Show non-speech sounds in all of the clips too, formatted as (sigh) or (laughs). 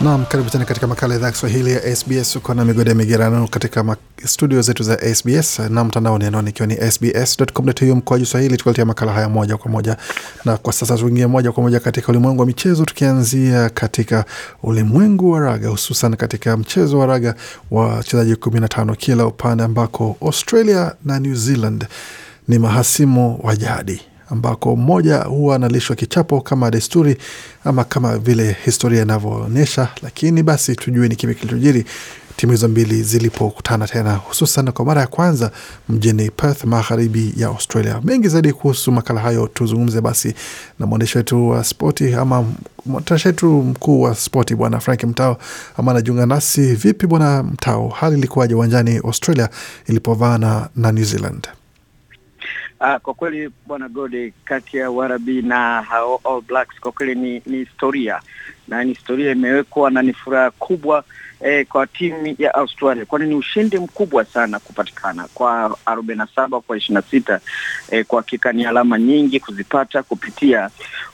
nam karibu tena katika makala idhaa ya Kiswahili ya SBS. Uko na migodi ya migerano katika studio zetu za SBS na mtandaoni, anwani ikiwa ni sbs.com.au mkoaji swahili, tukuletea makala haya moja kwa moja. Na kwa sasa tuingie moja kwa moja katika ulimwengu wa michezo, tukianzia katika ulimwengu wa raga, hususan katika mchezo wa raga wa wachezaji 15 kila upande, ambako Australia na New Zealand ni mahasimu wa jadi ambako mmoja huwa analishwa kichapo kama desturi ama kama vile historia inavyoonyesha. Lakini basi tujue ni kipi kilichojiri timu hizo mbili zilipokutana tena, hususan kwa mara ya kwanza mjini Perth, magharibi ya Australia. Mengi zaidi kuhusu makala hayo tuzungumze basi na mwandishi wetu wa spoti ama mwandishi wetu mkuu wa spoti Bwana Frank Mtao ama anajiunga nasi. Vipi Bwana Mtao, hali ilikuwaje uwanjani Australia ilipovaana na New Zealand? Uh, kwa kweli bwana Gode, kati ya Warabi na hao All Blacks kwa kweli ni, ni historia na ni historia imewekwa na ni furaha kubwa eh, kwa timu ya Australia, kwani ni ushindi mkubwa sana kupatikana kwa arobaini na saba kwa ishirini na sita eh, kwa hakika ni alama nyingi kuzipata kupitia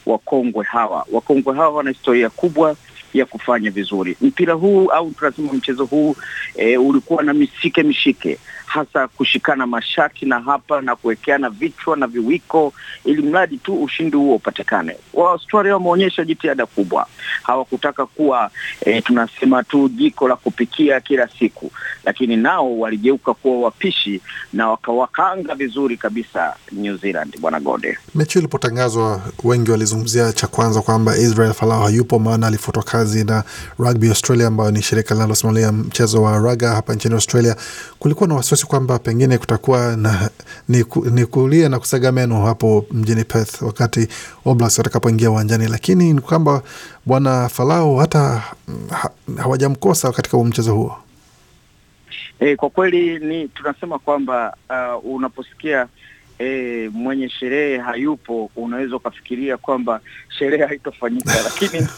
wakongwe hawa. Wakongwe hawa wana historia kubwa ya kufanya vizuri. Mpira huu au tunasema mchezo huu e, ulikuwa na misike mishike, hasa kushikana mashati na hapa na kuwekeana vichwa na viwiko, ili mradi tu ushindi huo upatikane. waustralia wameonyesha jitihada kubwa, hawakutaka kuwa e, tunasema tu jiko la kupikia kila siku, lakini nao waligeuka kuwa wapishi na wakawakanga vizuri kabisa New Zealand. Bwana Gode, mechi ilipotangazwa wengi walizungumzia cha kwanza kwamba Israel Falau hayupo, maana alifutwa kazi na Rugby Australia ambayo ni shirika linalosimamia mchezo wa raga hapa nchini Australia, kulikuwa na wasiwasi kwamba pengine kutakuwa na, ni, ni kulia na kusaga meno hapo mjini Perth wakati Oblaks watakapoingia uwanjani, lakini ni kwamba bwana Falau hata ha, hawajamkosa katika mchezo huo. E, kwa kweli ni tunasema kwamba uh, unaposikia e, mwenye sherehe hayupo, unaweza ukafikiria kwamba sherehe haitofanyika lakini (laughs)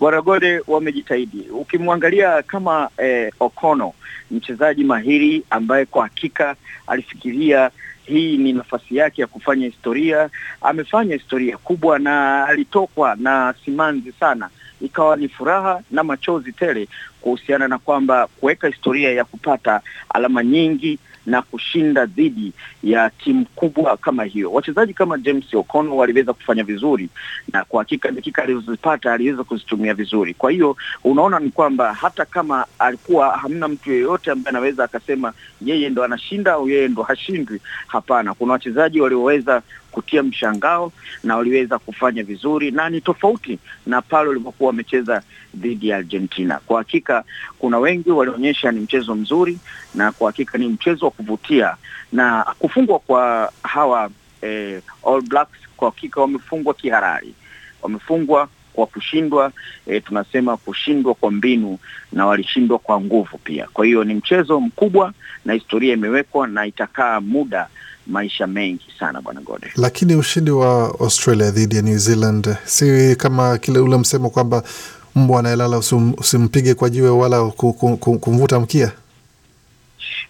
Waragode wamejitahidi. Ukimwangalia kama eh, Okono mchezaji mahiri ambaye kwa hakika alifikiria hii ni nafasi yake ya kufanya historia, amefanya historia kubwa na alitokwa na simanzi sana, ikawa ni furaha na machozi tele kuhusiana na kwamba kuweka historia ya kupata alama nyingi na kushinda dhidi ya timu kubwa kama hiyo. Wachezaji kama James O'Connor waliweza kufanya vizuri, na kwa hakika dakika alizozipata aliweza kuzitumia vizuri. Kwa hiyo unaona ni kwamba hata kama alikuwa hamna mtu yeyote ambaye anaweza akasema yeye ndo anashinda au yeye ndo hashindwi, hapana. Kuna wachezaji walioweza kutia mshangao na waliweza kufanya vizuri, na ni tofauti na pale walivyokuwa wamecheza dhidi ya Argentina. Kwa hakika hakika kuna wengi walionyesha ni mchezo mzuri, na kwa hakika ni mchezo wa kuvutia na kufungwa kwa hawa eh, All Blacks, kwa hakika wamefungwa kiharari, wamefungwa kwa kushindwa eh, tunasema kushindwa kwa mbinu na walishindwa kwa nguvu pia. Kwa hiyo ni mchezo mkubwa na historia imewekwa na itakaa muda maisha mengi sana, bwana Gode. Lakini ushindi wa Australia dhidi ya New Zealand si kama kile ule msemo kwamba mbwa anayelala usimpige kwa jiwe wala kumvuta mkia?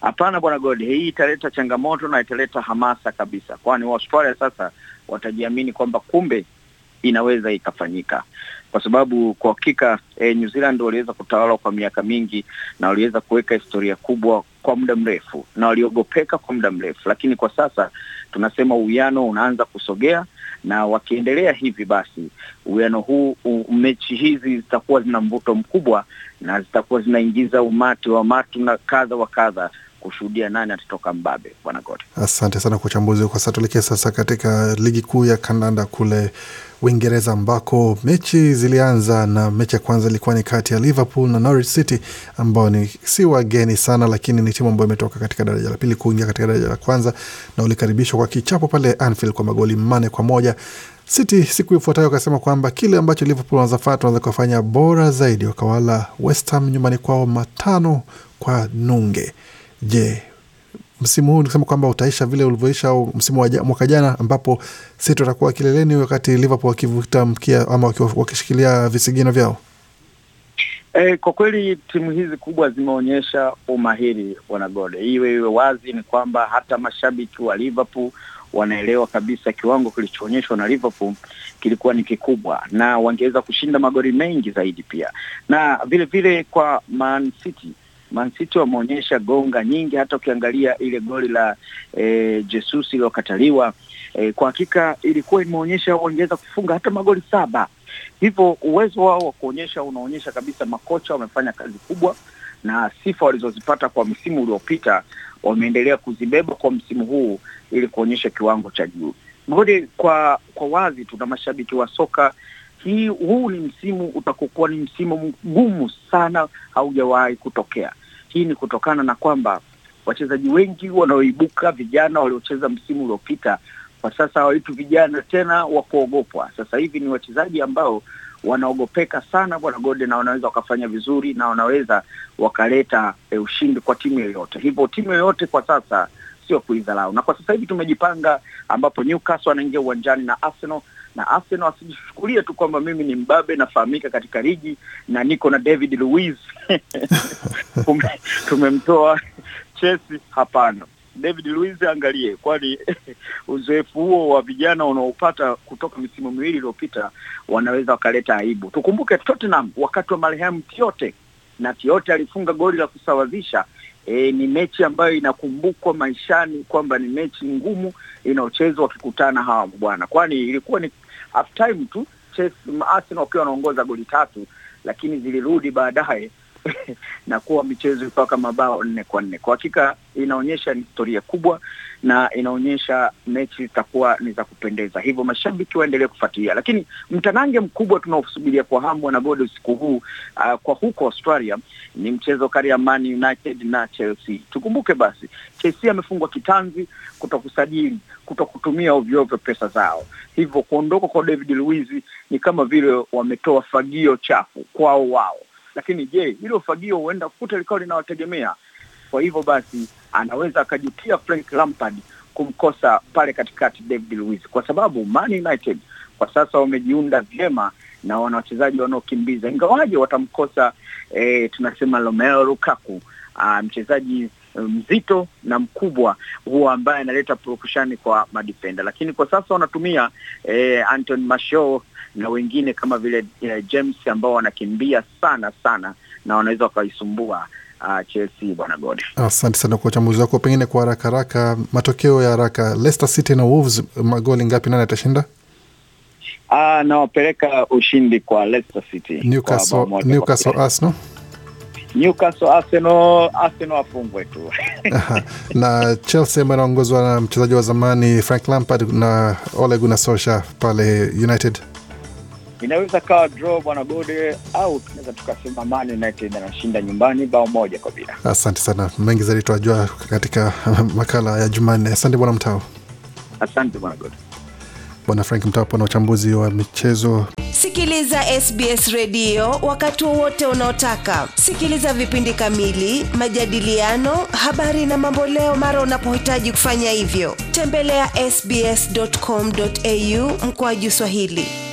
Hapana bwana Godi, hii italeta changamoto na italeta hamasa kabisa, kwani Waaustralia sasa watajiamini kwamba kumbe inaweza ikafanyika kwa sababu kwa hakika e, New Zealand waliweza kutawala kwa miaka mingi na waliweza kuweka historia kubwa kwa muda mrefu na waliogopeka kwa muda mrefu, lakini kwa sasa tunasema uwiano unaanza kusogea, na wakiendelea hivi basi uwiano huu u, mechi hizi zitakuwa zina mvuto mkubwa na zitakuwa zinaingiza umati wa matu na kadha wa kadha kushuhudia nani atatoka mbabe, bwana Gode. Asante sana kwa uchambuzi kwa sasa. Tuelekee sasa katika ligi kuu ya kandanda kule Uingereza ambako mechi zilianza na mechi ya kwanza ilikuwa ni kati ya Liverpool na Norwich City ambao ni si wageni sana, lakini ni timu ambayo imetoka katika daraja la pili kuingia katika daraja la kwanza na ulikaribishwa kwa kichapo pale Anfield kwa magoli manne kwa moja. City siku ifuatayo wakasema kwamba kile ambacho Liverpool wanazafata tunaweza kufanya bora zaidi, wakawala West Ham nyumbani kwao matano kwa nunge je msimu huu nikusema kwamba utaisha vile ulivyoisha au msimu wa mwaka jana ambapo City watakuwa kileleni wakati Liverpool wakivuta mkia ama wakishikilia visigino vyao? E, kwa kweli timu hizi kubwa zimeonyesha umahiri wanagode. Iwe iwe wazi ni kwamba hata mashabiki wa Liverpool wanaelewa kabisa kiwango kilichoonyeshwa na Liverpool kilikuwa ni kikubwa, na wangeweza kushinda magoli mengi zaidi pia, na vile vile kwa Man City Man City wameonyesha gonga nyingi, hata ukiangalia ile goli la e, Jesusi iliyokataliwa e, kwa hakika ilikuwa imeonyesha wangeweza kufunga hata magoli saba. Hivyo uwezo wao wa kuonyesha unaonyesha kabisa makocha wamefanya kazi kubwa, na sifa walizozipata kwa msimu uliopita wameendelea kuzibeba kwa msimu huu ili kuonyesha kiwango cha juu. Mgodi, kwa kwa wazi tuna mashabiki wa soka hii, huu ni msimu utakokuwa ni msimu mgumu sana, haujawahi kutokea. Hii ni kutokana na kwamba wachezaji wengi wanaoibuka vijana waliocheza msimu uliopita kwa sasa hawaitu vijana tena wa kuogopwa. Sasa hivi ni wachezaji ambao wanaogopeka sana, bwana Gode, na wanaweza wakafanya vizuri na wanaweza wakaleta e, ushindi kwa timu yoyote. Hivyo timu yoyote kwa sasa sio kuidharau, na kwa sasa hivi tumejipanga ambapo Newcastle anaingia uwanjani na Arsenal na Arsenal wasijichukulie tu kwamba mimi ni mbabe nafahamika katika ligi na niko na David Luiz (laughs) tumemtoa Chelsea. Hapana, David Luiz angalie, kwani (laughs) uzoefu huo wa vijana unaopata kutoka misimu miwili iliyopita wanaweza wakaleta aibu. Tukumbuke Tottenham wakati wa marehemu Tiote, na Tiote alifunga goli la kusawazisha. E, ni mechi ambayo inakumbukwa maishani kwamba ni mechi ngumu inayochezwa wakikutana hawa bwana, kwani ilikuwa ni half time tu Chelsea, Arsenal wakiwa wanaongoza goli tatu, lakini zilirudi baadaye (laughs) na kuwa michezo kama bao nne kwa nne. Kwa hakika inaonyesha ni historia kubwa na inaonyesha mechi zitakuwa ni za kupendeza, hivyo mashabiki waendelee kufuatilia. Lakini mtanange mkubwa tunaosubiria kwa hamu wanagodo usiku huu uh, kwa huko Australia ni mchezo kati ya Man United na Chelsea. Tukumbuke basi Chelsea amefungwa kitanzi kutokusajili, kutokutumia ovyoovyo pesa zao, hivyo kuondoka kwa David Luiz ni kama vile wametoa fagio chafu kwao wao. Lakini je, hilo fagio huenda kuta likawa linawategemea kwa hivyo basi anaweza akajutia Frank Lampard kumkosa pale katikati David Luiz, kwa sababu Man United kwa sasa wamejiunda vyema na wana wachezaji wanaokimbiza, ingawaje watamkosa e, tunasema Romelu Lukaku, ah, mchezaji eh, mzito na mkubwa huo ambaye analeta purukushani kwa madifenda, lakini kwa sasa wanatumia e, Anton Martial na wengine kama vile e, James ambao wanakimbia sana sana na wanaweza wakaisumbua uh, Chelsea bwana Gode. Asante sana kwa uchambuzi wako. Pengine kwa haraka haraka, matokeo ya haraka, Leicester City na Wolves, magoli ngapi, nani atashinda? Uh, nawapeleka ushindi kwa Leicester City. Newcastle, kwa Arsenal Newcastle Arsenal, Arsenal afungwe tu (laughs) na Chelsea ambayo inaongozwa na mchezaji wa zamani Frank Lampard na Ole Gunnar Solskjaer pale United inaweza kawa draw bwana Gode, au tunaweza tukasema Man United anashinda nyumbani bao moja kwa bila. Asante sana, mengi zaidi tuajua katika makala ya Jumanne. Asante bwana Mtao. Asante bwana Gode. Bwana Frank Mtapo na uchambuzi wa michezo. Sikiliza SBS redio wakati wowote unaotaka. Sikiliza vipindi kamili, majadiliano, habari na mamboleo mara unapohitaji kufanya hivyo. Tembelea ya sbs.com.au mkoaju Swahili.